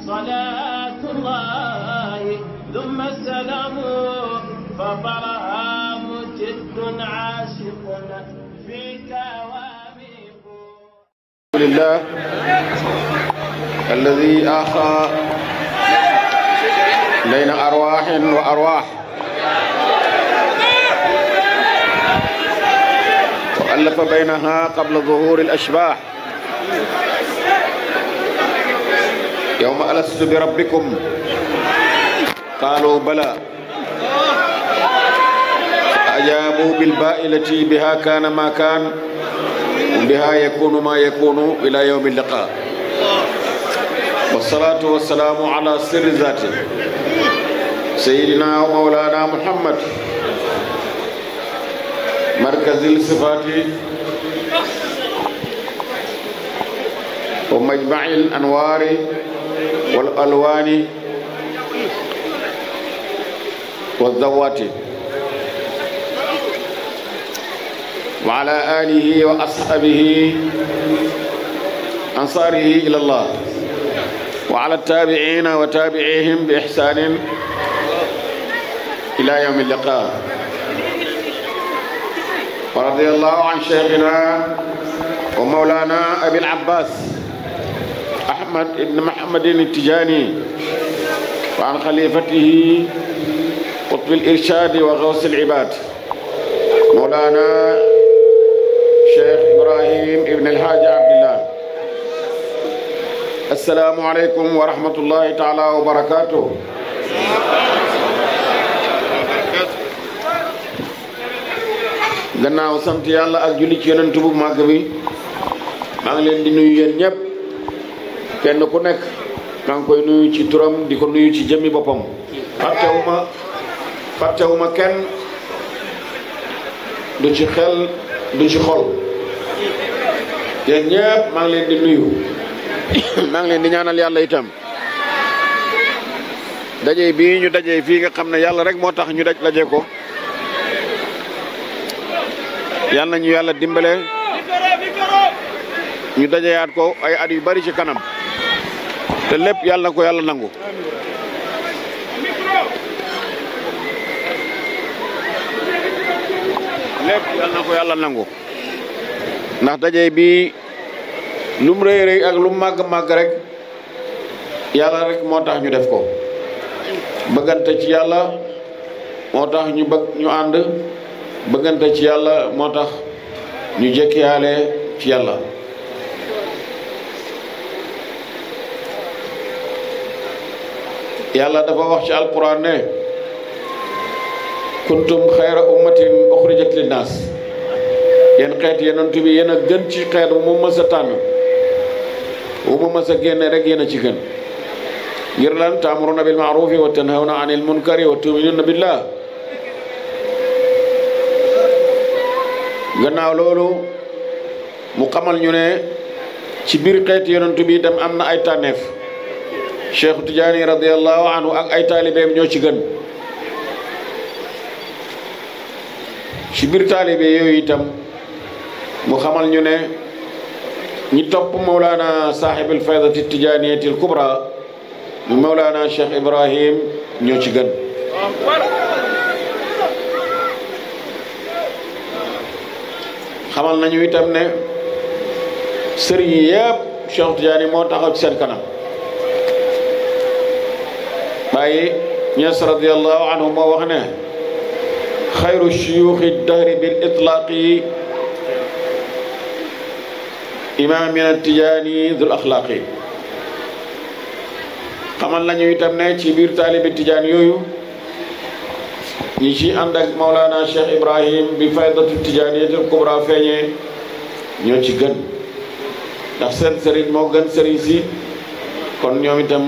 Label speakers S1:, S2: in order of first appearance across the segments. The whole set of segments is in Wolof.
S1: صلاة الله ثم السلام فبرهام جد عاشق فيك واميق لله الذي آخى بين أرواح وأرواح وألف بينها قبل ظهور الأشباح yawma alastu bi rabbikum qaalu bala ajaabu bilbaa'i lati biha kaana ma kaan biha yakunu ma yakunu ila yawmi liqa والصلاة والسلام على سر ذاته سيدنا ومولانا محمد مركز الصفات ومجمع الأنوار wal alwaani wa zawaati wa ala alihi wa ashaabihi ansaarihi ila allah wa ala taabiina wa taabiihim bi ihsaanin ila yawmi liqaa wa radiya allahu an cheikhina wa mawlana abil abbas ahmad ibn mahamadin tijaani wa an xalifatihi qutbil irshadi wa gawsil ibad mawlana cheikh ibrahim ibn alhaaji abdillah assalaamu aleykum wa rahmatullahi taala wa barakatuh gannaaw sant yàlla ak julli ci yonent bu màgg bi maa ngi leen di nuyu yéen ñëpp kenn ku nekk maa koy nuyu ci turam di ko nuyu ci jëmmi boppam fàttewuma fàttewuma kenn du ci xel du ci xol yéen ñëpp maa ngi leen di nuyu maa ngi leen di ñaanal yàlla itam daje bii ñu daje fii nga xam ne yàlla rek moo tax ñu daj laje ko yal na ñu yàlla dimbale ñu dajeyaat ko ay at yu bari ci kanam te lépp yàlla ko yàlla nangu ko yàlla nangu ndax daje bi lum rëy rëy ak lu màgg màgg rek yàlla rekk moo tax ñu def ko bëggante ci yàlla moo tax ñu bëgg ñu ànd bëggante ci yàlla moo tax ñu jekkiyaale ci yàlla yàlla dafa wax ci alquran ne kuntum xayra ummatin uxrijat linnaas yéen xeet yonent bi yéen a gën ci xeet wu ma mës tànn wu ma mës génne rek yéen ci gën ngir lan taamuruna bil maarufi wa tanhawna anil munkari wa tuminuna billah gannaaw loolu mu xamal ñu ne ci biir xeet yonent bi dem am na ay tànneef Cheikh Tidiane radiallahu anhu ay taalibeem ñoo ci gën ci biir taalibe yooyu itam mu xamal ñu ne ñi topp Mawlana saaxibil faydati tijaaniyatil kubra mu Mawlana Cheikh Ibrahim ñoo ci gën xamal nañu itam ne sëriñ yi yëpp Cheikh Tidiane moo taxaw ci seen kanam Baye Ñas radiyallahu anhu moo wax ne xayru shuyuuxi dahri bil itlaaqi imaamina tijaani dul axlaaqi xamal nañu itam ne ci biir taalibi tijaan yooyu ñi ci ànd ak Maulana Cheikh Ibrahim bi faydatu tijaaniyatul kubra feeñee ñoo ci gën ndax seen sëriñ moo gën sëriñ si kon ñoom itam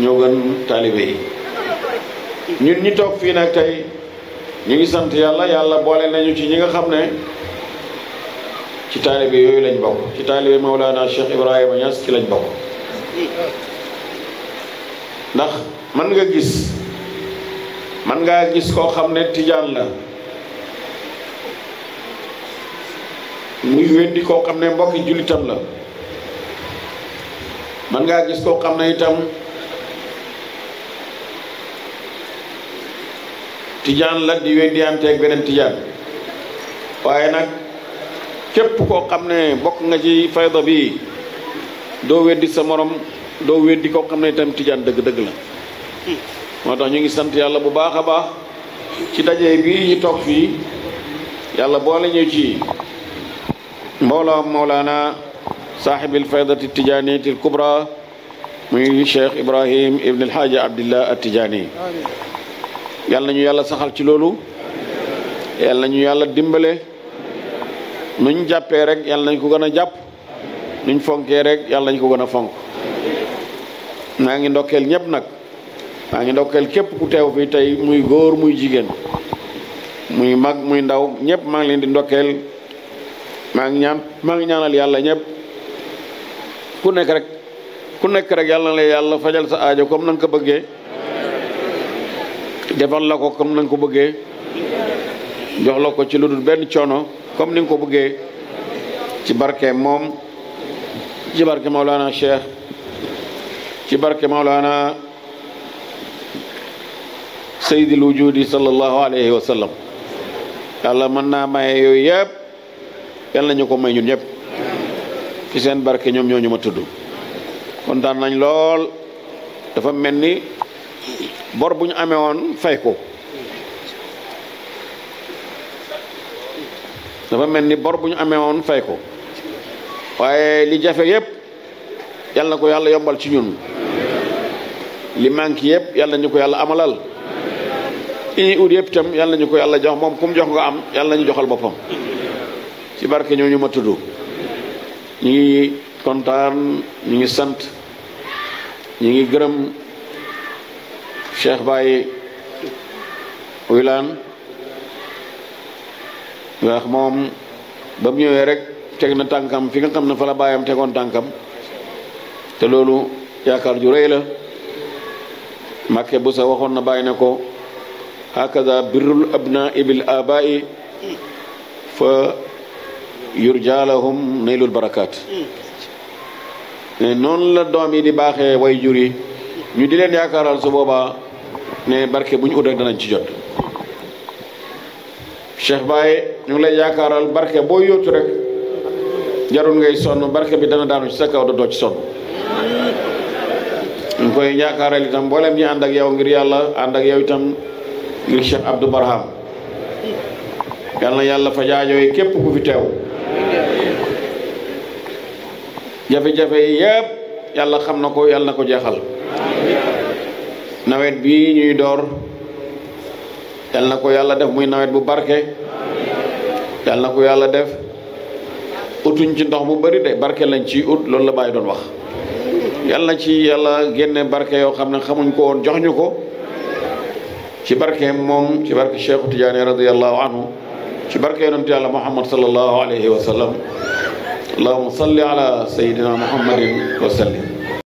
S1: ñoo gën taalibe yi ñun ñu toog fii nag tey ñu ngi sant yàlla yàlla boole nañu ci ñi nga xam ne ci taalibe yooyu lañ bokk ci taalibe Mawlana Cheikh Ibrahima Niass ci lañ bokk ndax man nga gis man ngaa gis koo xam ne tiijaan la muy weddi koo xam ne mbokki jullitam la mën ngaa gis koo xam ne itam tijaan la di weddiyanteeg beneen tijaan waaye nag képp koo xam ne bokk nga ci fayda bi doo weddi sa morom doo weddi koo xam ne itam tijaan dëgg-dëgg la moo tax ñu ngi sant yàlla bu baax a baax ci daje bi ñu toog fii yàlla boole ñu ci mbooloo moolaana saaxibil faydati tijaaniyatil kubra muy cheikh Ibrahim ibn El Hadj Abdillah at Tijaani yàlla nañu yàlla saxal ci loolu yàlla nañu yàlla dimbale nuñ jàppee rek yàlla nañ ko gën a jàpp nuñ fonkee rek yàlla nañ ko gën a fonk maa ngi ndokkeel ñépp nag maa ngi ndokkeel képp ku teew fii tey muy góor muy jigéen muy mag muy ndaw ñëpp maa ngi leen di ndokkeel maa ngi ñaan maa ngi ñaanal yàlla ñëpp ku nekk rek ku nekk rek yàlla na la yàlla fajal sa aajo comme na nga ko bëggee defal la ko comme na ko bëggee jox la ko ci lu dul benn coono comme ni ko bëggee ci barke moom ci barke Maulana Cheikh ci barke Maulana lu Wujudi sallallahu alayhi wa sallam yàlla mën naa maye yooyu yëpp yàlla nañu ko may ñun ñëpp fi seen barke ñoom ñoo ñu ma tudd kontaan nañ lool dafa mel ni. bor bu ñu ameewoon woon fay ko mel ni bor bu ñu amee woon waaye li jafe yépp yal na ko yàlla yombal ci ñun li manque yépp yal na ñu ko yàlla amalal li ñuy ut yépp itam yal na ñu ko yàlla jox moom ku mu jox nga am yal na ñu joxal boppam ci barke ñoo ñu ma ñu ngi kontaan ñu ngi sant ñu ngi gërëm Cheikh Baye Wilane wax moom ba mu ñëwee rek teg na tànkam fi nga xam ne fa la baayam tegoon tànkam te loolu yaakaar ju rëy la Mbàkke bu sa waxoon na bàyyi ne ko hakaza birrul abna bil abai fa yurjalahum naylul barakaat ne noonu la doom yi di baaxee way jur yi ñu di leen yaakaaral su ne barke bu ñu ut rek danañ ci jot Cheikh Baye ñu ngi lay yaakaaral barke boo yootu rek jarul ngay sonn barke bi dana daanu ci sa kaw da doo ci sonn ñu koy yaakaaral itam mboolem ñi ànd ak yow ngir yàlla ànd ak yow itam ngir Cheikh Abdou Barham yal yàlla fa jaajooy képp ku fi teew jafe-jafe yi yëpp yàlla xam na ko yàlla na ko jeexal nawet bi ñuy door yal na ko yàlla def muy nawet bu barke yal na ko yàlla def utuñ ci ndox mu bari de barke lañ ci ut loolu la bàyyi doon wax yal na ci yàlla génne barke yoo xam ne xamuñ ko woon jox ñu ko ci barke moom ci barke Cheikh Tidiane radiyallahu anhu ci barke yonent yàlla Muhammad sallallahu alayhi wa sallam allahumma salli ala sayyidina muhammadin wa sallim